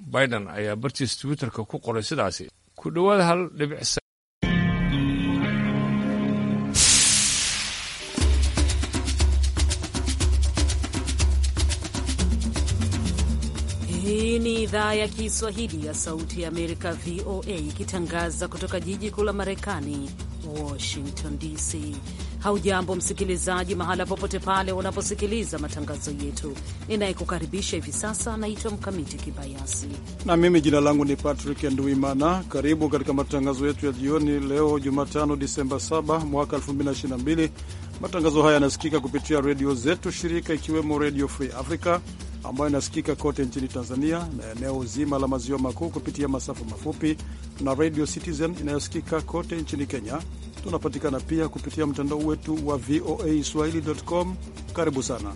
Biden ayaa bartiis twitter-ka ku qoray sidaasi ku dhowaad hal dhibic Hii ni idhaa ya Kiswahili ya Sauti ya Amerika, VOA, ikitangaza kutoka jiji kuu la Marekani, Washington DC. Haujambo msikilizaji, mahala popote pale unaposikiliza matangazo yetu. Ninayekukaribisha hivi sasa anaitwa Mkamiti Kibayasi na mimi jina langu ni Patrick Nduimana. Karibu katika matangazo yetu ya jioni leo Jumatano, Disemba 7 mwaka 2022. Matangazo haya yanasikika kupitia redio zetu shirika, ikiwemo Redio Free Africa ambayo inasikika kote nchini Tanzania na eneo zima la maziwa makuu kupitia masafa mafupi na Radio Citizen inayosikika kote nchini Kenya Tunapatikana pia kupitia mtandao wetu wa VOA Swahili.com. Karibu sana.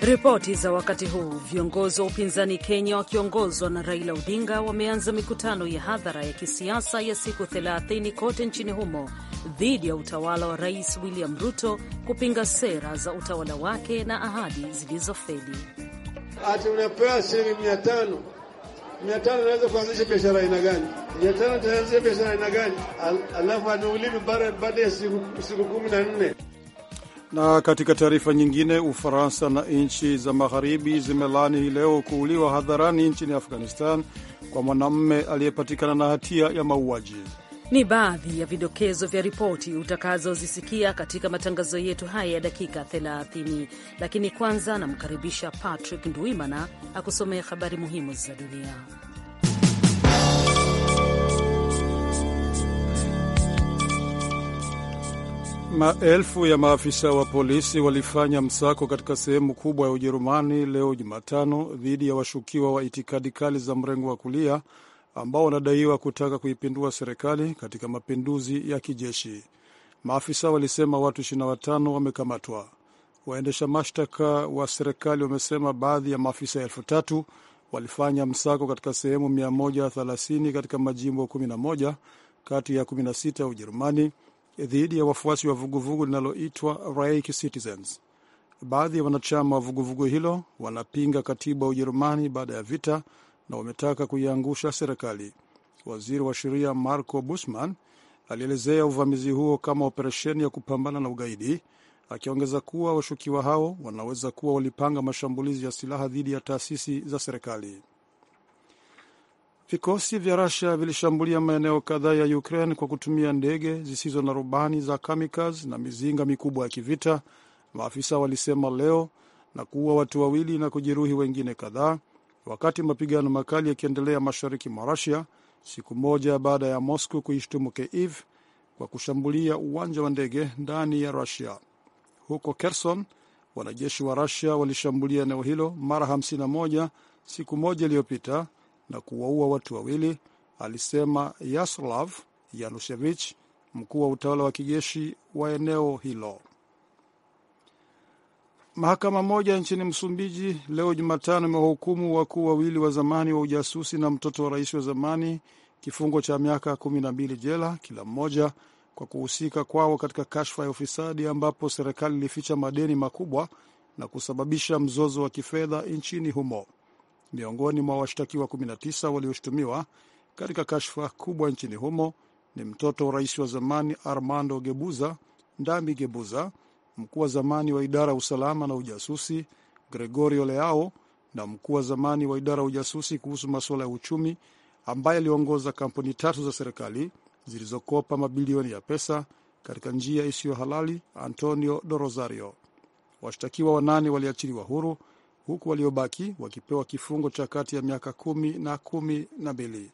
Ripoti za wakati huu. Viongozi wa upinzani Kenya wakiongozwa na Raila Odinga wameanza mikutano ya hadhara ya kisiasa ya siku 30 kote nchini humo dhidi ya utawala wa Rais William Ruto kupinga sera za utawala wake na ahadi zilizofeli ati unapewa shilingi mia tano mia tano naweza kuanzisha biashara aina gani? Mia tano biashara aina gani? Alafu anuulivi baada ya siku kumi na nne. Na katika taarifa nyingine, Ufaransa na nchi za magharibi zimelaani hii leo kuuliwa hadharani nchini Afghanistan kwa mwanamume aliyepatikana na hatia ya mauaji. Ni baadhi ya vidokezo vya ripoti utakazozisikia katika matangazo yetu haya ya dakika 30, lakini kwanza namkaribisha Patrick Ndwimana akusomea habari muhimu za dunia. Maelfu ya maafisa wa polisi walifanya msako katika sehemu kubwa ya Ujerumani leo Jumatano dhidi ya washukiwa wa itikadi kali za mrengo wa kulia ambao wanadaiwa kutaka kuipindua serikali katika mapinduzi ya kijeshi. Maafisa walisema watu 25 wamekamatwa. Waendesha mashtaka wa serikali wamesema baadhi ya maafisa elfu tatu walifanya msako katika sehemu 130 katika majimbo 11 kati ya 16 ya Ujerumani dhidi ya wafuasi wa vuguvugu linaloitwa Reich Citizens. Baadhi ya wanachama wa vuguvugu hilo wanapinga katiba ya Ujerumani baada ya vita na wametaka kuiangusha serikali. Waziri wa sheria Marco Busman alielezea uvamizi huo kama operesheni ya kupambana na ugaidi, akiongeza kuwa washukiwa hao wanaweza kuwa walipanga mashambulizi ya silaha dhidi ya taasisi za serikali. Vikosi vya rasia vilishambulia maeneo kadhaa ya Ukraine kwa kutumia ndege zisizo na rubani za kamikaze na mizinga mikubwa ya kivita, maafisa walisema leo, na kuua watu wawili na kujeruhi wengine kadhaa, wakati mapigano makali yakiendelea mashariki mwa Rusia siku moja baada ya Moscow kuishtumu Kiev kwa kushambulia uwanja wa ndege ndani ya Rusia. Huko Kherson, wanajeshi wa Rusia walishambulia eneo hilo mara 51 siku moja iliyopita na kuwaua watu wawili, alisema Yaroslav Yanushevich, mkuu wa utawala wa kijeshi wa eneo hilo. Mahakama moja nchini Msumbiji leo Jumatano imewahukumu wakuu wawili wa zamani wa ujasusi na mtoto wa rais wa zamani kifungo cha miaka kumi na mbili jela kila mmoja kwa kuhusika kwao katika kashfa ya ufisadi ambapo serikali ilificha madeni makubwa na kusababisha mzozo wa kifedha nchini humo. Miongoni mwa washtakiwa 19 walioshutumiwa katika kashfa kubwa nchini humo ni mtoto wa rais wa zamani Armando Gebuza Ndambi Gebuza mkuu wa zamani wa idara ya usalama na ujasusi Gregorio Leao na mkuu wa zamani wa idara ya ujasusi kuhusu masuala ya uchumi ambaye aliongoza kampuni tatu za serikali zilizokopa mabilioni ya pesa katika njia isiyo halali Antonio do Rosario. Washtakiwa wanane waliachiliwa huru huku waliobaki wakipewa kifungo cha kati ya miaka kumi na kumi na mbili.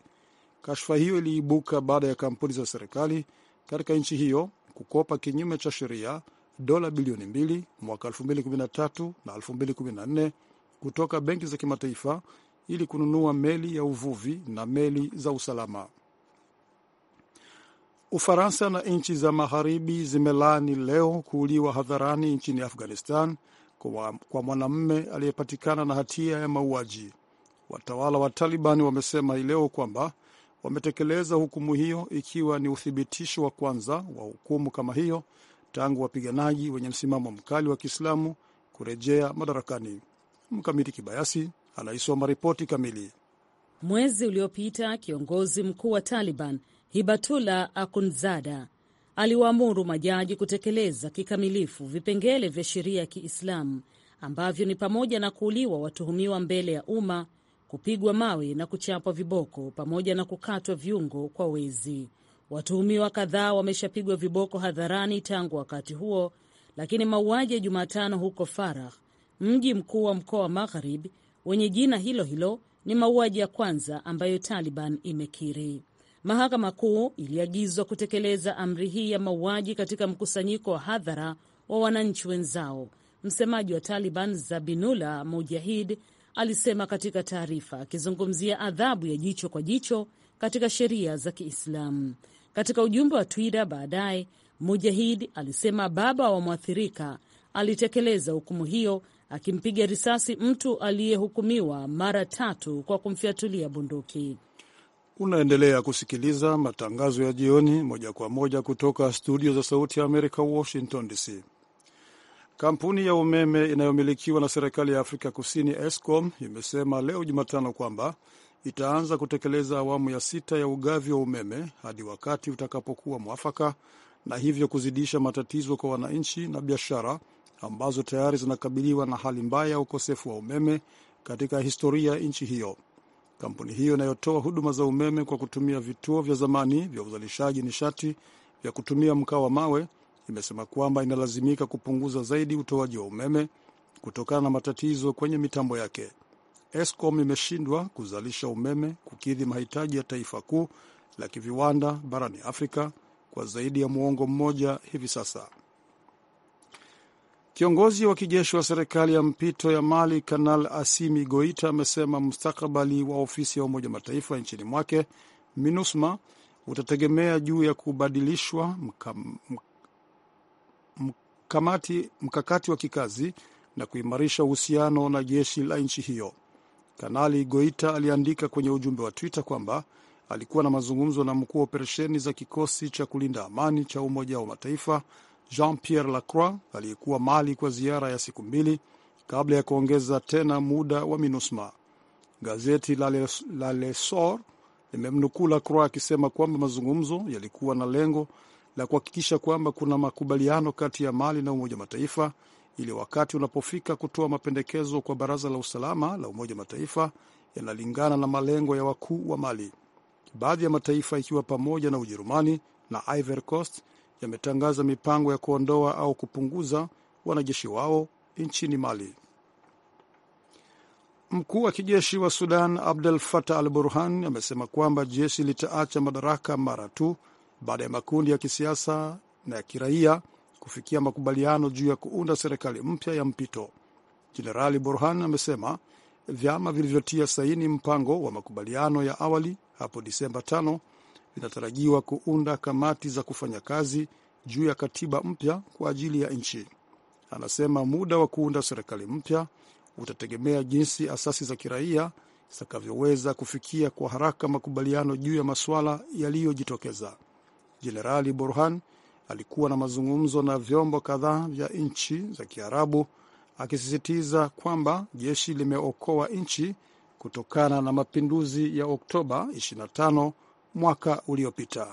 Kashfa hiyo iliibuka baada ya kampuni za serikali katika nchi hiyo kukopa kinyume cha sheria dola bilioni mbili mwaka 2013 na 2014 kutoka benki za kimataifa ili kununua meli ya uvuvi na meli za usalama. Ufaransa na nchi za magharibi zimelaani leo kuuliwa hadharani nchini Afghanistan kwa, kwa mwanamume aliyepatikana na hatia ya mauaji. Watawala wa Taliban wamesema hii leo kwamba wametekeleza hukumu hiyo ikiwa ni uthibitisho wa kwanza wa hukumu kama hiyo tangu wapiganaji wenye msimamo mkali wa Kiislamu kurejea madarakani. Mkamiti Kibayasi anaisoma ripoti kamili. Mwezi uliopita kiongozi mkuu wa Taliban Hibatula Akunzada aliwaamuru majaji kutekeleza kikamilifu vipengele vya sheria ya Kiislamu ambavyo ni pamoja na kuuliwa watuhumiwa mbele ya umma, kupigwa mawe na kuchapwa viboko, pamoja na kukatwa viungo kwa wezi. Watuhumiwa kadhaa wameshapigwa viboko hadharani tangu wakati huo, lakini mauaji ya Jumatano huko Farah, mji mkuu wa mkoa wa Magharibi wenye jina hilo hilo, ni mauaji ya kwanza ambayo Taliban imekiri. Mahakama Kuu iliagizwa kutekeleza amri hii ya mauaji katika mkusanyiko wa hadhara wa wananchi wenzao. Msemaji wa Taliban Zabinullah Mujahid alisema katika taarifa, akizungumzia adhabu ya jicho kwa jicho katika sheria za Kiislamu. Katika ujumbe wa Twitter baadaye, Mujahid alisema baba wa mwathirika alitekeleza hukumu hiyo akimpiga risasi mtu aliyehukumiwa mara tatu kwa kumfyatulia bunduki. Unaendelea kusikiliza matangazo ya jioni moja kwa moja kutoka studio za Sauti ya Amerika, Washington DC. Kampuni ya umeme inayomilikiwa na serikali ya Afrika Kusini, Eskom, imesema leo Jumatano kwamba itaanza kutekeleza awamu ya sita ya ugavi wa umeme hadi wakati utakapokuwa mwafaka, na hivyo kuzidisha matatizo kwa wananchi na biashara ambazo tayari zinakabiliwa na hali mbaya ya ukosefu wa umeme katika historia ya nchi hiyo. Kampuni hiyo inayotoa huduma za umeme kwa kutumia vituo vya zamani vya uzalishaji nishati vya kutumia mkaa wa mawe imesema kwamba inalazimika kupunguza zaidi utoaji wa umeme kutokana na matatizo kwenye mitambo yake. ESCOM imeshindwa kuzalisha umeme kukidhi mahitaji ya taifa kuu la kiviwanda barani Afrika kwa zaidi ya muongo mmoja hivi sasa. Kiongozi wa kijeshi wa serikali ya mpito ya Mali, Kanal Asimi Goita, amesema mustakabali wa ofisi ya Umoja Mataifa nchini mwake MINUSMA utategemea juu ya kubadilishwa mkam, mkamati, mkakati wa kikazi na kuimarisha uhusiano na jeshi la nchi hiyo. Kanali Goita aliandika kwenye ujumbe wa Twitter kwamba alikuwa na mazungumzo na mkuu wa operesheni za kikosi cha kulinda amani cha Umoja wa Mataifa Jean Pierre Lacroix aliyekuwa Mali kwa ziara ya siku mbili kabla ya kuongeza tena muda wa MINUSMA. Gazeti la Lesor limemnukuu Lacroix akisema kwamba mazungumzo yalikuwa na lengo la kuhakikisha kwamba kuna makubaliano kati ya Mali na Umoja wa Mataifa ili wakati unapofika kutoa mapendekezo kwa Baraza la Usalama la Umoja wa Mataifa yanalingana na malengo ya wakuu wa Mali. Baadhi ya mataifa ikiwa pamoja na Ujerumani na Ivory Coast yametangaza mipango ya kuondoa au kupunguza wanajeshi wao nchini Mali. Mkuu wa kijeshi wa Sudan Abdel Fattah al Burhan amesema kwamba jeshi litaacha madaraka mara tu baada ya makundi ya kisiasa na ya kiraia kufikia makubaliano juu ya kuunda serikali mpya ya mpito. Jenerali Burhan amesema vyama vilivyotia saini mpango wa makubaliano ya awali hapo Disemba a vinatarajiwa kuunda kamati za kufanya kazi juu ya katiba mpya kwa ajili ya nchi. Anasema muda wa kuunda serikali mpya utategemea jinsi asasi za kiraia zitakavyoweza kufikia kwa haraka makubaliano juu ya masuala yaliyojitokeza. Jenerali Burhan alikuwa na mazungumzo na vyombo kadhaa vya nchi za Kiarabu akisisitiza kwamba jeshi limeokoa nchi kutokana na mapinduzi ya Oktoba 25 mwaka uliopita.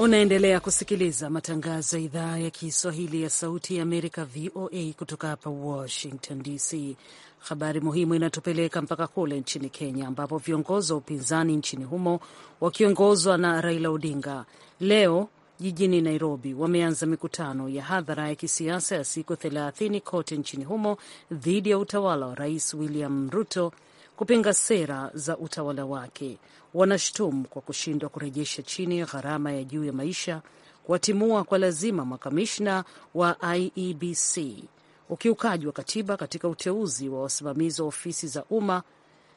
Unaendelea kusikiliza matangazo ya idhaa ya Kiswahili ya Sauti ya Amerika, VOA, kutoka hapa Washington DC. Habari muhimu inatupeleka mpaka kule nchini Kenya, ambapo viongozi wa upinzani nchini humo wakiongozwa na Raila Odinga leo jijini Nairobi wameanza mikutano ya hadhara ya kisiasa ya siku 30 kote nchini humo dhidi ya utawala wa Rais William Ruto kupinga sera za utawala wake wanashutumu kwa kushindwa kurejesha chini gharama ya juu ya maisha, kuwatimua kwa lazima makamishna wa IEBC, ukiukaji wa katiba katika uteuzi wa wasimamizi wa ofisi za umma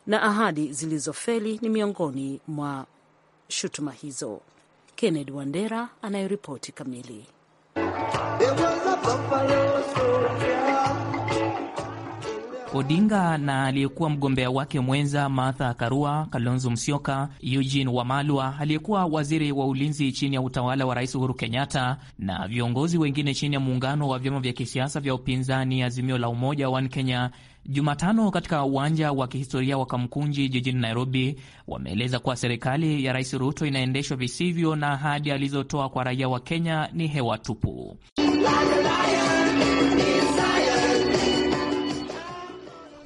na ahadi zilizofeli ni miongoni mwa shutuma hizo. Kennedy Wandera anayeripoti kamili Odinga na aliyekuwa mgombea wake mwenza Martha Karua, Kalonzo Musyoka, Eugene Wamalwa aliyekuwa waziri wa ulinzi chini ya utawala wa Rais Uhuru Kenyatta na viongozi wengine chini ya muungano wa vyama vya kisiasa vya upinzani Azimio la Umoja One Kenya Jumatano katika uwanja wa kihistoria wa Kamkunji jijini Nairobi, wameeleza kuwa serikali ya Rais Ruto inaendeshwa visivyo na ahadi alizotoa kwa raia wa Kenya ni hewa tupu.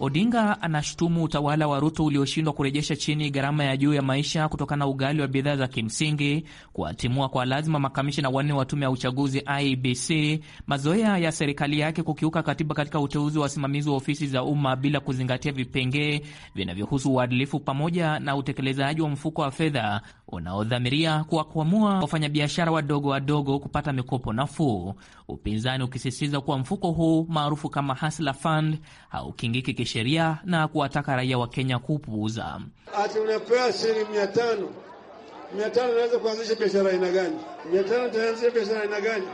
Odinga anashutumu utawala wa Ruto ulioshindwa kurejesha chini gharama ya juu ya maisha kutokana na ugali wa bidhaa za kimsingi, kuwatimua kwa lazima makamishina wanne wa tume ya uchaguzi IEBC, mazoea ya serikali yake kukiuka katiba katika uteuzi wa wasimamizi wa ofisi za umma bila kuzingatia vipengee vinavyohusu uadilifu, pamoja na utekelezaji wa mfuko wa fedha unaodhamiria kuwakwamua wafanyabiashara wadogo wadogo kupata mikopo nafuu, upinzani ukisisitiza kuwa mfuko huu maarufu kama Hustler Fund haukingiki sheria na kuwataka raia wa Kenya kupuuza. Ati unapewa shilingi tano mia tano naweza kuanzisha biashara aina gani? mia tano biashara aina gani?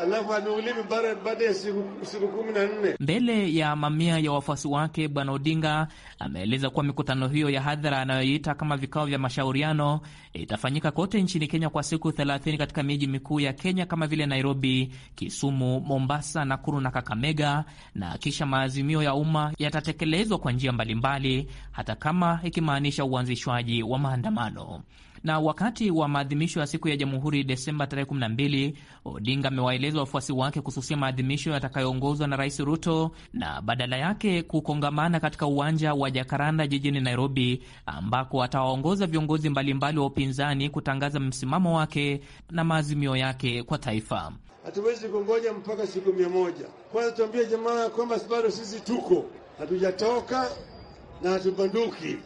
alafu ameulivi bara baada ya siku, siku kumi na nne. Mbele ya mamia ya wafuasi wake, Bwana Odinga ameeleza kuwa mikutano hiyo ya hadhara anayoiita kama vikao vya mashauriano itafanyika kote nchini Kenya kwa siku thelathini katika miji mikuu ya Kenya kama vile Nairobi, Kisumu, Mombasa, Nakuru na Kakamega, na kisha maazimio ya umma yatatekelezwa kwa njia mbalimbali, hata kama ikimaanisha uanzishwaji wa maandamano. Na wakati wa maadhimisho ya siku ya Jamhuri Desemba tarehe 12, Odinga amewaeleza wafuasi wake kususia maadhimisho yatakayoongozwa na Rais Ruto na badala yake kukongamana katika uwanja wa Jakaranda jijini Nairobi, ambako atawaongoza viongozi mbalimbali wa upinzani kutangaza msimamo wake na maazimio yake kwa taifa. Hatuwezi kungoja mpaka siku mia moja. Kwanza tuambie jamaa kwamba bado sisi tuko hatujatoka na hatubanduki.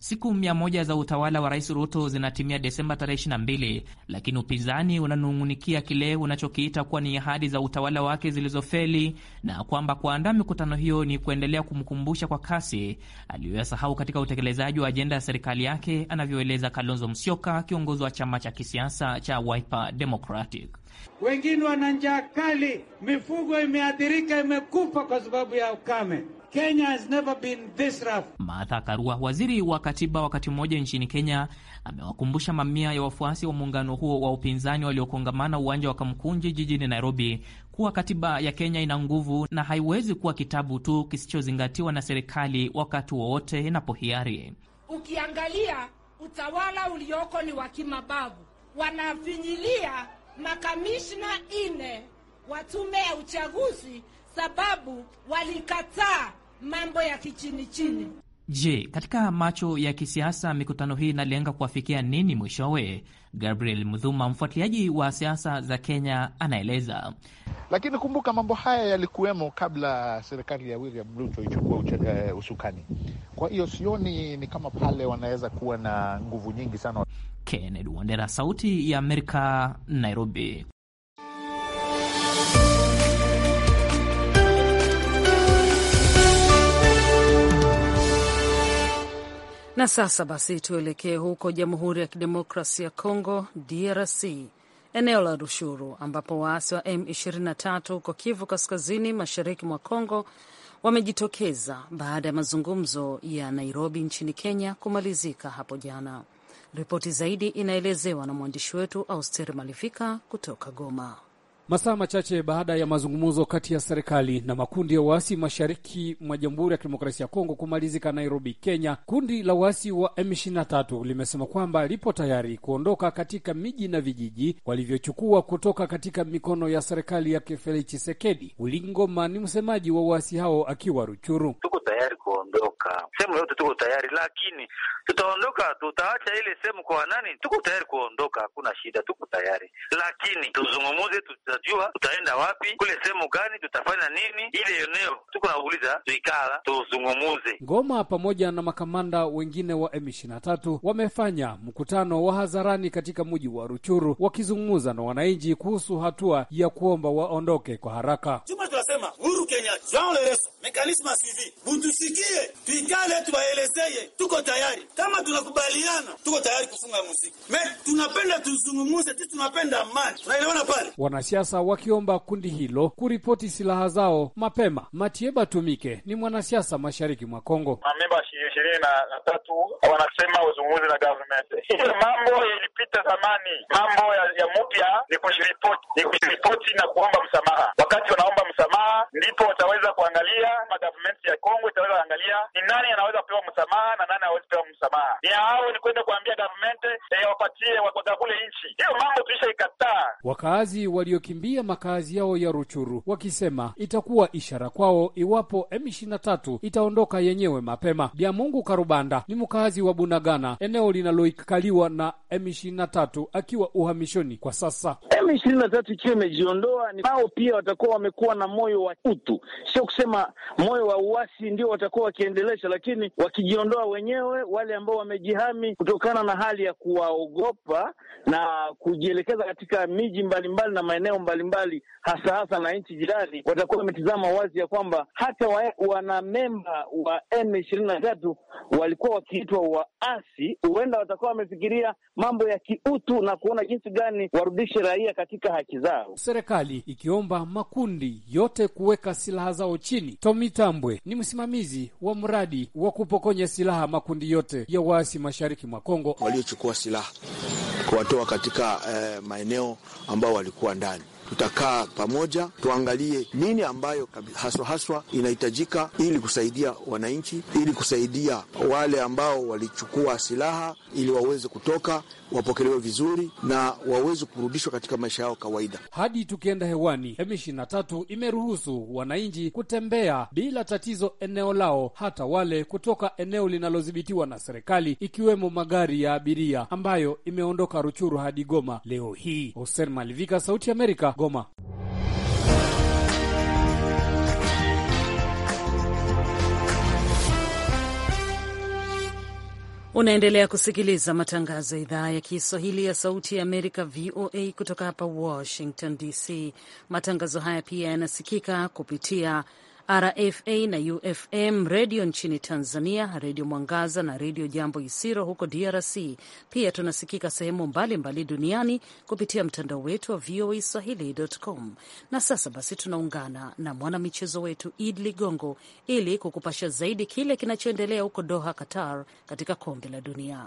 Siku mia moja za utawala wa Rais Ruto zinatimia Desemba tarehe mbili, lakini upinzani unanung'unikia kile unachokiita kuwa ni ahadi za utawala wake zilizofeli na kwamba kuandaa mikutano hiyo ni kuendelea kumkumbusha kwa kasi aliyoyasahau katika utekelezaji wa ajenda ya serikali yake, anavyoeleza Kalonzo Musyoka, kiongozi wa chama cha kisiasa cha Wiper Democratic. Wengine wana njaa kali, mifugo imeathirika, imekufa kwa sababu ya ukame. Kenya has never been this rough. Martha Karua, waziri wa katiba wakati mmoja nchini Kenya, amewakumbusha mamia ya wafuasi wa muungano huo wa upinzani waliokongamana uwanja wa Kamkunji jijini Nairobi kuwa katiba ya Kenya ina nguvu na haiwezi kuwa kitabu tu kisichozingatiwa na serikali wakati wowote inapohiari. Ukiangalia utawala ulioko ni wa kimabavu, wanafinyilia makamishna ine wa tume ya uchaguzi sababu walikataa mambo ya kichini chini. Je, katika macho ya kisiasa mikutano hii inalenga kuwafikia nini mwishowe? Gabriel Mdhuma, mfuatiliaji wa siasa za Kenya, anaeleza. Lakini kumbuka mambo haya yalikuwemo kabla serikali ya William Ruto ichukua eh, usukani, kwa hiyo sioni ni kama pale wanaweza kuwa na nguvu nyingi sana. Kennedy Wandera, Sauti ya Amerika, Nairobi. Na sasa basi tuelekee huko Jamhuri ya Kidemokrasia ya Kongo, DRC, eneo la Rushuru, ambapo waasi wa M23 huko Kivu Kaskazini, mashariki mwa Kongo wamejitokeza baada ya mazungumzo ya Nairobi nchini Kenya kumalizika hapo jana. Ripoti zaidi inaelezewa na mwandishi wetu Austeri Malifika kutoka Goma. Masaa machache baada ya mazungumzo kati ya serikali na makundi ya waasi mashariki mwa Jamhuri ya Kidemokrasia ya Kongo kumalizika Nairobi, Kenya, kundi la waasi wa M23 limesema kwamba lipo tayari kuondoka katika miji na vijiji walivyochukua kutoka katika mikono ya serikali ya Felix Tshisekedi. Ulingoma ni msemaji wa waasi hao akiwa Ruchuru. Tuko tayari kuondoka sehemu yote, tuko tayari lakini tutaondoka, tutaacha ile sehemu kwa nani? Tuko tayari kuondoka, hakuna shida, tuko tayari lakini tuzungumuze tuta tutajua tutaenda wapi, kule sehemu gani, tutafanya nini. Ile eneo tuko nauliza, tuikala tuzungumuze. Ngoma pamoja na makamanda wengine wa M23 wamefanya mkutano wa hadharani katika mji wa Ruchuru wakizungumza na wananchi kuhusu hatua ya kuomba waondoke kwa haraka. Chuma tunasema huru Kenya, Jean Lereso, mekanisma sivi butusikie, tuikale, tuwaelezeye tuko tayari. Kama tunakubaliana tuko tayari kufunga muziki me, tunapenda tuzungumuze, sisi tunapenda amani, tunaelewana pale wanasiasa wanasiasa wakiomba kundi hilo kuripoti silaha zao mapema. Matieba Tumike ni mwanasiasa mashariki mwa Kongo. Mamemba ishirini na tatu wanasema uzungumzi na government hiyo mambo yalipita zamani. Mambo ya, ya mupya ni kujiripoti, ni kujiripoti na kuomba msamaha. Wakati wanaomba msamaha, ndipo wataweza kuangalia na ya Kongo itaweza kuangalia ni nani anaweza kupewa msamaha na nani hawezi kupewa msamaha. Ni hao ni kwenda kuambia government yawapatie eh, wakakule nchi hiyo. Mambo tuisha ikataa. Wakaazi waliokimbia kukimbia makazi yao ya Ruchuru, wakisema itakuwa ishara kwao iwapo M23 itaondoka yenyewe mapema. Byamungu Karubanda ni mkazi wa Bunagana, eneo linaloikaliwa na M23, akiwa uhamishoni kwa sasa. M23 ikiwa imejiondoa, nao pia watakuwa wamekuwa na moyo wa utu, sio kusema moyo wa uasi ndio watakuwa wakiendelesha, lakini wakijiondoa wenyewe, wale ambao wamejihami kutokana na hali ya kuwaogopa na kujielekeza katika miji mbalimbali na maeneo mbalimbali, hasa hasa na nchi jirani, watakuwa wametizama wazi ya kwamba hata wa, wanamemba wa M ishirini na tatu walikuwa wakiitwa waasi, huenda watakuwa wamefikiria mambo ya kiutu na kuona jinsi gani warudishe raia katika haki zao, serikali ikiomba makundi yote kuweka silaha zao chini. Tomi Tambwe ni msimamizi wa mradi wa kupokonya silaha makundi yote ya waasi mashariki mwa Kongo waliochukua silaha kuwatoa katika eh, maeneo ambao walikuwa ndani tutakaa pamoja tuangalie nini ambayo haswa haswa inahitajika ili kusaidia wananchi, ili kusaidia wale ambao walichukua silaha, ili waweze kutoka, wapokelewe vizuri na waweze kurudishwa katika maisha yao kawaida. Hadi tukienda hewani, M23 imeruhusu wananchi kutembea bila tatizo eneo lao, hata wale kutoka eneo linalodhibitiwa na serikali, ikiwemo magari ya abiria ambayo imeondoka Ruchuru hadi Goma leo hii. Hosen Malivika, Sauti Amerika. Goma. Unaendelea kusikiliza matangazo ya idhaa ya Kiswahili ya Sauti ya Amerika, VOA, kutoka hapa Washington DC. Matangazo haya pia yanasikika kupitia RFA na UFM redio nchini Tanzania, redio Mwangaza na redio Jambo Isiro huko DRC. Pia tunasikika sehemu mbalimbali duniani kupitia mtandao wetu wa VOA Swahili.com. Na sasa basi, tunaungana na mwanamichezo wetu Id Ligongo ili kukupasha zaidi kile kinachoendelea huko Doha, Qatar, katika kombe la dunia.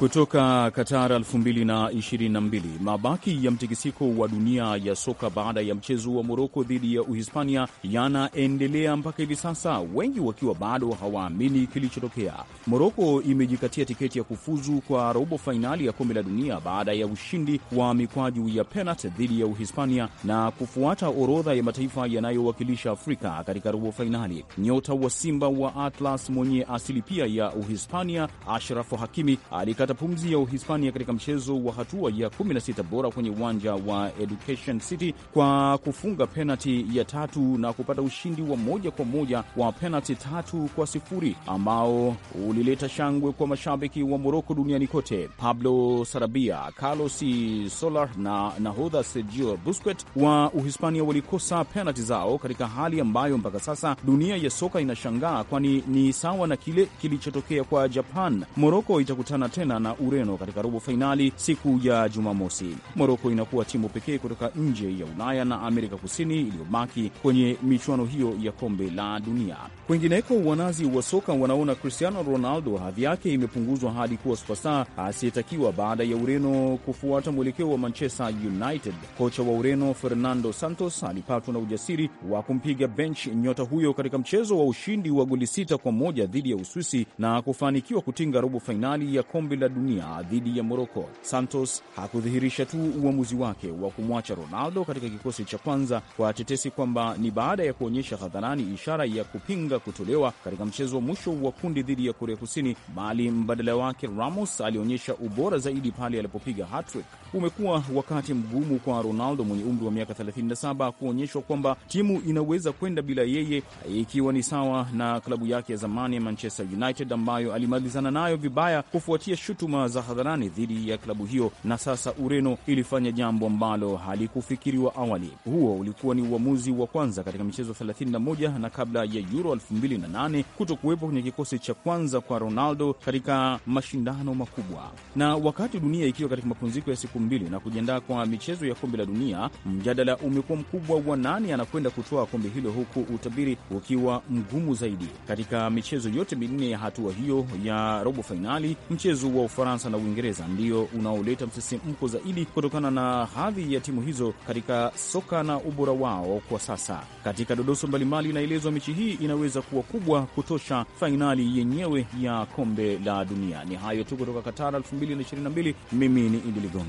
kutoka Qatar 2022. Mabaki ya mtikisiko wa dunia ya soka baada ya mchezo wa Moroko dhidi ya Uhispania yanaendelea mpaka hivi sasa, wengi wakiwa bado hawaamini kilichotokea. Moroko imejikatia tiketi ya kufuzu kwa robo fainali ya kombe la dunia baada ya ushindi wa mikwaju ya penalti dhidi ya Uhispania na kufuata orodha ya mataifa yanayowakilisha Afrika katika robo fainali. Nyota wa Simba wa Atlas mwenye asili pia ya Uhispania Ashrafu Hakimi alikata kupata pumzi ya Uhispania katika mchezo wa hatua ya 16 bora kwenye uwanja wa Education City kwa kufunga penalti ya tatu na kupata ushindi wa moja kwa moja wa penalti tatu kwa sifuri ambao ulileta shangwe kwa mashabiki wa Moroko duniani kote. Pablo Sarabia, Carlos solar na nahodha Sergio Busquets wa Uhispania walikosa penalti zao katika hali ambayo mpaka sasa dunia ya soka inashangaa, kwani ni sawa na kile kilichotokea kwa Japan. Moroko itakutana tena na Ureno katika robo fainali siku ya Jumamosi. Moroko inakuwa timu pekee kutoka nje ya Ulaya na Amerika Kusini iliyobaki kwenye michuano hiyo ya kombe la dunia. Kwingineko, wanazi wa soka wanaona Cristiano Ronaldo hadhi yake imepunguzwa hadi kuwa superstar asiyetakiwa baada ya Ureno kufuata mwelekeo wa Manchester United. Kocha wa Ureno Fernando Santos alipatwa na ujasiri wa kumpiga bench nyota huyo katika mchezo wa ushindi wa goli sita kwa moja dhidi ya Uswisi na kufanikiwa kutinga robo fainali ya kombe la dunia dhidi ya Moroko, Santos hakudhihirisha tu uamuzi wake wa kumwacha Ronaldo katika kikosi cha kwanza kwa tetesi kwamba ni baada ya kuonyesha hadharani ishara ya kupinga kutolewa katika mchezo wa mwisho wa kundi dhidi ya Korea Kusini, bali mbadala wake Ramos alionyesha ubora zaidi pale alipopiga hattrick. Umekuwa wakati mgumu kwa Ronaldo mwenye umri wa miaka 37 kuonyeshwa kwamba timu inaweza kwenda bila yeye, ikiwa ni sawa na klabu yake ya zamani ya Manchester United ambayo alimalizana nayo vibaya kufuatia shut shutuma za hadharani dhidi ya klabu hiyo, na sasa Ureno ilifanya jambo ambalo halikufikiriwa awali. Huo ulikuwa ni uamuzi wa kwanza katika michezo 31 na kabla ya Euro 2008 kuto kuwepo kwenye kikosi cha kwanza kwa Ronaldo katika mashindano makubwa. Na wakati dunia ikiwa katika mapumziko ya siku mbili na kujiandaa kwa michezo ya kombe la dunia, mjadala umekuwa mkubwa wa nani anakwenda kutoa kombe hilo, huku utabiri ukiwa mgumu zaidi katika michezo yote minne ya hatua hiyo ya robo fainali. Mchezo wa Ufaransa na Uingereza ndio unaoleta msisimko zaidi kutokana na hadhi ya timu hizo katika soka na ubora wao kwa sasa. Katika dodoso mbalimbali, inaelezwa mechi hii inaweza kuwa kubwa kutosha fainali yenyewe ya kombe la dunia. Ni hayo tu kutoka Katara 2022. Mimi ni Idi Ligongo.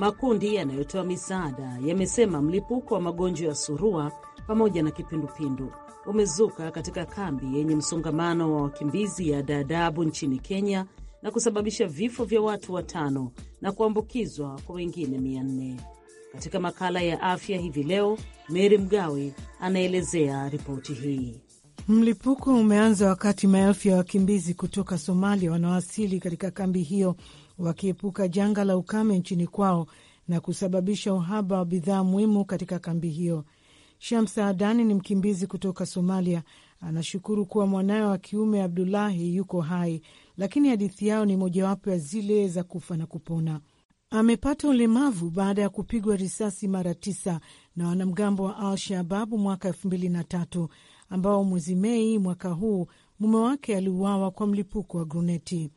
Makundi yanayotoa misaada yamesema mlipuko wa magonjwa ya surua pamoja na kipindupindu umezuka katika kambi yenye msongamano wa wakimbizi ya Dadaab nchini Kenya na kusababisha vifo vya watu watano na kuambukizwa kwa wengine mia nne. Katika makala ya afya hivi leo, Meri Mgawe anaelezea ripoti hii. Mlipuko umeanza wakati maelfu ya wakimbizi kutoka Somalia wanawasili katika kambi hiyo wakiepuka janga la ukame nchini kwao na kusababisha uhaba wa bidhaa muhimu katika kambi hiyo. Shamsa Adani ni mkimbizi kutoka Somalia. Anashukuru kuwa mwanawe wa kiume Abdulahi yuko hai, lakini hadithi yao ni mojawapo ya zile za kufa na kupona. Amepata ulemavu baada ya kupigwa risasi mara tisa na wanamgambo wa Al Shababu mwaka elfu mbili na tatu ambao mwezi Mei mwaka huu mume wake aliuawa kwa mlipuko wa gruneti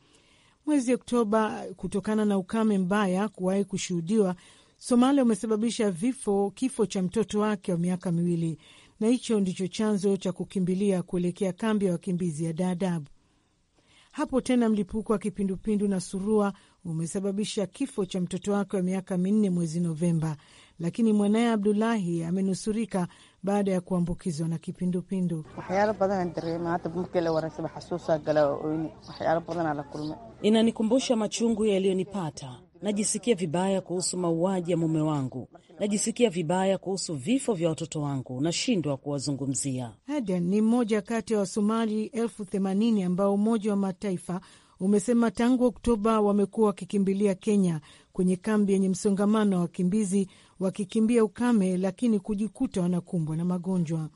mwezi Oktoba kutokana na ukame mbaya kuwahi kushuhudiwa, Somalia umesababisha vifo kifo cha mtoto wake wa miaka miwili, na hicho ndicho chanzo cha kukimbilia kuelekea kambi ya wakimbizi ya Dadaab. Hapo tena mlipuko wa kipindupindu na surua umesababisha kifo cha mtoto wake wa miaka minne mwezi Novemba, lakini mwanaye Abdulahi amenusurika baada ya kuambukizwa na kipindupindu. Inanikumbusha machungu yaliyonipata. Najisikia vibaya kuhusu mauaji ya mume wangu, najisikia vibaya kuhusu vifo vya watoto wangu, nashindwa kuwazungumzia. Aden ni mmoja kati ya Wasomali elfu themanini ambao Umoja wa Mataifa umesema tangu Oktoba wamekuwa wakikimbilia Kenya kwenye kambi yenye msongamano wa wakimbizi wakikimbia ukame, lakini kujikuta wanakumbwa na magonjwa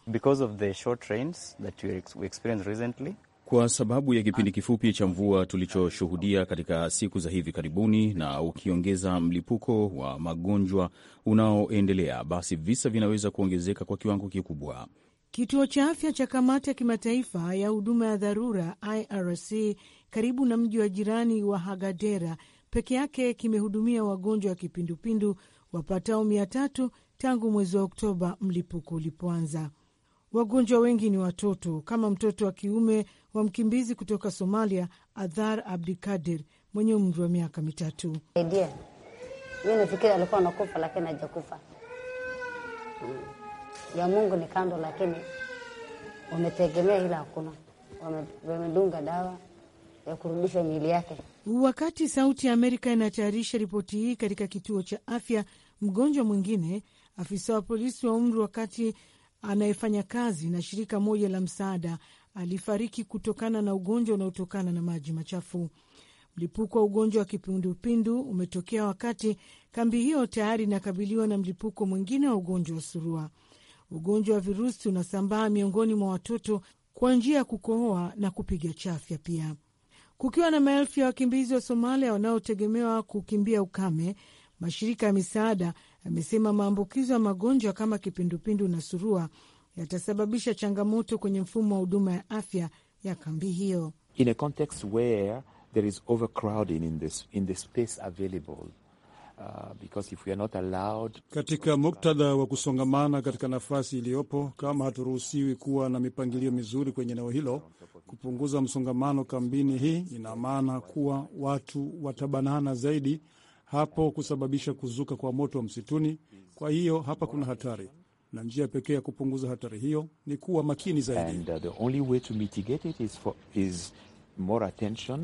kwa sababu ya kipindi kifupi cha mvua tulichoshuhudia katika siku za hivi karibuni, na ukiongeza mlipuko wa magonjwa unaoendelea, basi visa vinaweza kuongezeka kwa kiwango kikubwa. Kituo cha afya cha Kamati ya Kimataifa ya Huduma ya Dharura IRC karibu na mji wa jirani wa Hagadera peke yake kimehudumia wagonjwa wa kipindupindu wapatao mia tatu tangu mwezi wa Oktoba mlipuko ulipoanza. Wagonjwa wengi ni watoto, kama mtoto wa kiume wa mkimbizi kutoka Somalia, Adhar Abdikadir mwenye umri wa miaka mitatu. Mi nafikiri alikuwa anakufa lakini hajakufa. Mm. Ya Mungu ni kando, lakini wametegemea, ila hakuna, wamedunga dawa ya kurudisha miili yake. Wakati Sauti ya Amerika inatayarisha ripoti hii katika kituo cha afya, mgonjwa mwingine, afisa wa polisi wa umri wa kati anayefanya kazi na shirika moja la msaada, alifariki kutokana na ugonjwa unaotokana na maji machafu. Mlipuko wa ugonjwa wa kipindupindu umetokea wakati kambi hiyo tayari inakabiliwa na mlipuko mwingine wa ugonjwa wa surua. Ugonjwa wa virusi unasambaa miongoni mwa watoto kwa njia ya kukohoa na kupiga chafya. Pia kukiwa na maelfu ya wakimbizi wa Somalia wanaotegemewa kukimbia ukame. Mashirika ya misaada yamesema maambukizo ya magonjwa kama kipindupindu na surua yatasababisha changamoto kwenye mfumo wa huduma ya afya ya kambi hiyo. In a context where there is overcrowding in this, in the space available Uh, because if we are not allowed... katika muktadha wa kusongamana katika nafasi iliyopo, kama haturuhusiwi kuwa na mipangilio mizuri kwenye eneo hilo, Kupunguza msongamano kambini, hii ina maana kuwa watu watabanana zaidi hapo, kusababisha kuzuka kwa moto wa msituni. Kwa hiyo hapa kuna hatari, na njia pekee ya kupunguza hatari hiyo ni kuwa makini zaidi. Uh,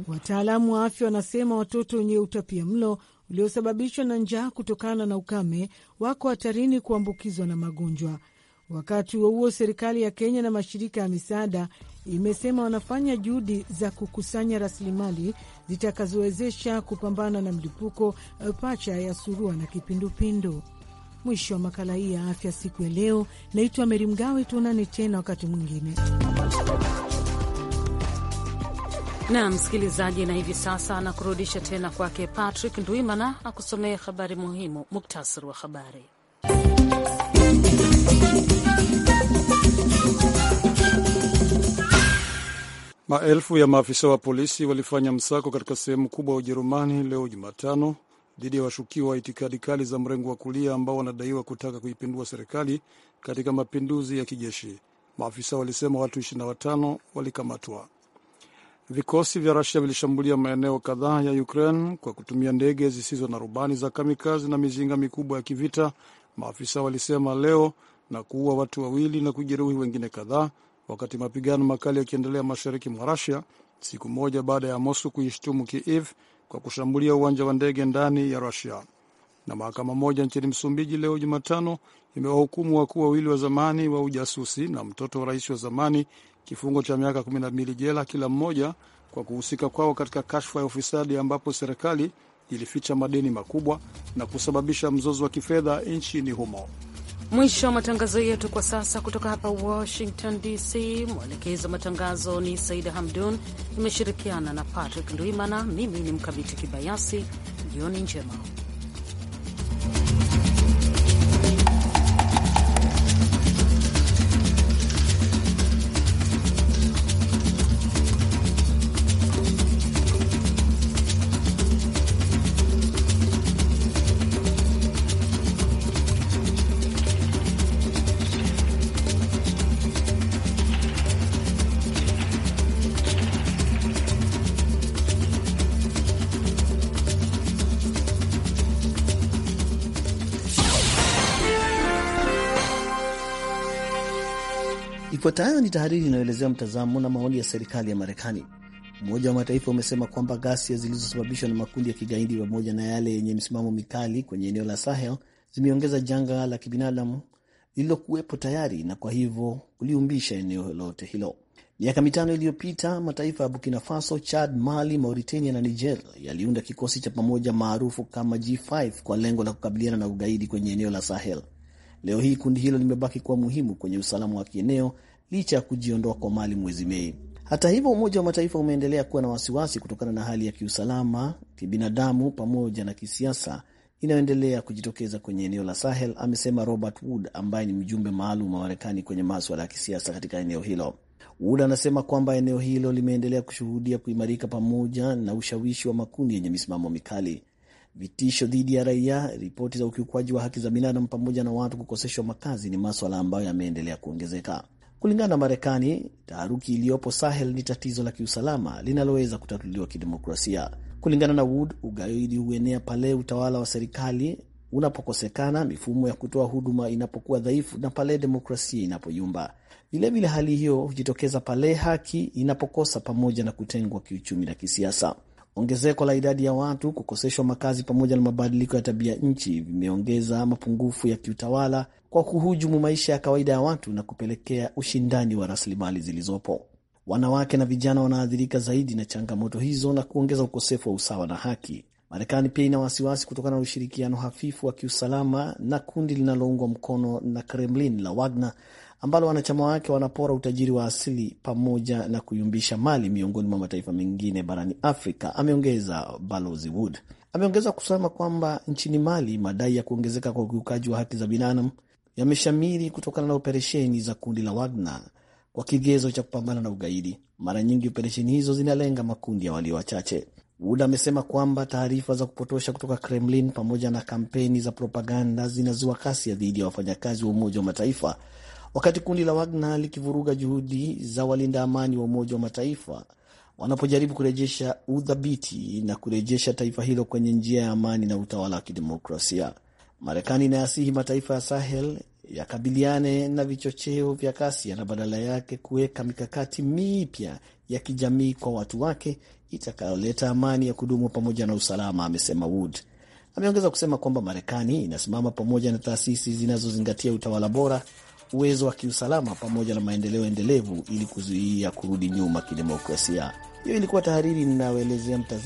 Wataalamu wa afya wanasema watoto wenye utapia mlo uliosababishwa na njaa kutokana na ukame wako hatarini kuambukizwa na magonjwa. Wakati huo huo, serikali ya Kenya na mashirika ya misaada imesema wanafanya juhudi za kukusanya rasilimali zitakazowezesha kupambana na mlipuko eh, pacha ya surua na kipindupindu. Mwisho wa makala hii ya afya siku ya leo. Naitwa Meri Mgawe, tuonane tena wakati mwingine. Na msikilizaji, na hivi sasa nakurudisha tena kwake Patrick Ndwimana akusomee habari muhimu, muktasari wa habari Maelfu ya maafisa wa polisi walifanya msako katika sehemu kubwa ya Ujerumani leo Jumatano dhidi ya washukiwa wa itikadi kali za mrengo wa kulia ambao wanadaiwa kutaka kuipindua serikali katika mapinduzi ya kijeshi. Maafisa walisema watu 25 walikamatwa. Vikosi vya Rusia vilishambulia maeneo kadhaa ya Ukraine kwa kutumia ndege zisizo na rubani za kamikazi na mizinga mikubwa ya kivita, maafisa walisema leo, na kuua watu wawili na kujeruhi wengine kadhaa wakati mapigano makali yakiendelea mashariki mwa Rusia siku moja baada ya mosco kuishtumu Kiev kwa kushambulia uwanja wa ndege ndani ya Rusia. Na mahakama moja nchini Msumbiji leo Jumatano imewahukumu wakuu wawili wa zamani wa ujasusi na mtoto wa rais wa zamani kifungo cha miaka 12 jela kila mmoja kwa kuhusika kwao katika kashfa ya ufisadi ambapo serikali ilificha madeni makubwa na kusababisha mzozo wa kifedha nchini humo. Mwisho wa matangazo yetu kwa sasa kutoka hapa Washington DC. Mwelekezi wa matangazo ni Saida Hamdun, imeshirikiana na Patrick Ndwimana. Mimi ni Mkabiti Kibayasi. Jioni njema. ni tahariri inayoelezea mtazamo na maoni ya serikali ya Marekani. Umoja wa Mataifa umesema kwamba ghasia zilizosababishwa na makundi ya kigaidi pamoja na yale yenye msimamo mikali kwenye eneo la Sahel zimeongeza janga la kibinadamu lililokuwepo tayari na kwa hivyo kuliumbisha eneo lote hilo. Miaka mitano iliyopita mataifa ya Burkina Faso, Chad, Mali, Mauritania na Niger yaliunda kikosi cha pamoja maarufu kama G5 kwa lengo la kukabiliana na ugaidi kwenye eneo la Sahel. Leo hii kundi hilo limebaki kuwa muhimu kwenye usalama wa kieneo licha ya kujiondoa kwa Mali mwezi Mei. Hata hivyo, Umoja wa Mataifa umeendelea kuwa na wasiwasi kutokana na hali ya kiusalama, kibinadamu pamoja na kisiasa inayoendelea kujitokeza kwenye eneo la Sahel, amesema Robert Wood ambaye ni mjumbe maalum wa Marekani kwenye maswala ya kisiasa katika eneo hilo. Wood anasema kwamba eneo hilo limeendelea kushuhudia kuimarika pamoja na ushawishi wa makundi yenye misimamo mikali, vitisho dhidi ya raia, ripoti za ukiukwaji wa haki za binadamu pamoja na watu kukoseshwa makazi ni maswala ambayo yameendelea kuongezeka. Kulingana na Marekani, taharuki iliyopo Sahel ni tatizo la kiusalama linaloweza kutatuliwa kidemokrasia. Kulingana na Wood, ugaidi huenea pale utawala wa serikali unapokosekana, mifumo ya kutoa huduma inapokuwa dhaifu na pale demokrasia inapoyumba. Vilevile, hali hiyo hujitokeza pale haki inapokosa, pamoja na kutengwa kiuchumi na kisiasa. Ongezeko la idadi ya watu, kukoseshwa makazi, pamoja na mabadiliko ya tabia nchi vimeongeza mapungufu ya kiutawala kwa kuhujumu maisha ya kawaida ya watu na kupelekea ushindani wa rasilimali zilizopo. Wanawake na vijana wanaathirika zaidi na changamoto hizo na kuongeza ukosefu wa usawa na haki. Marekani pia ina wasiwasi kutokana na ushirikiano hafifu wa kiusalama na kundi linaloungwa mkono na Kremlin la Wagner ambalo wanachama wake wanapora utajiri wa asili pamoja na kuyumbisha mali miongoni mwa mataifa mengine barani Afrika, ameongeza Balozi Wood. Ameongeza kusema kwamba nchini Mali madai ya kuongezeka kwa ukiukaji wa haki za binadamu yameshamiri kutokana na operesheni za kundi la Wagner kwa kigezo cha kupambana na ugaidi. Mara nyingi operesheni hizo zinalenga makundi ya walio wachache. Wood amesema kwamba taarifa za kupotosha kutoka Kremlin pamoja na kampeni za propaganda zinazua kasi dhidi ya wafanyakazi wa Umoja wa Mataifa, wakati kundi la Wagner likivuruga juhudi za walinda amani wa Umoja wa Mataifa wanapojaribu kurejesha udhabiti na kurejesha taifa hilo kwenye njia ya amani na utawala wa kidemokrasia. Marekani inayasihi mataifa ya Sahel yakabiliane na vichocheo vya ghasia na badala yake kuweka mikakati mipya ya kijamii kwa watu wake itakayoleta amani ya kudumu pamoja na usalama, amesema Wood. Ameongeza kusema kwamba Marekani inasimama pamoja na taasisi zinazozingatia utawala bora, uwezo wa kiusalama pamoja na maendeleo endelevu ili kuzuia kurudi nyuma kidemokrasia. Hiyo ilikuwa tahariri inayoelezea mtazamo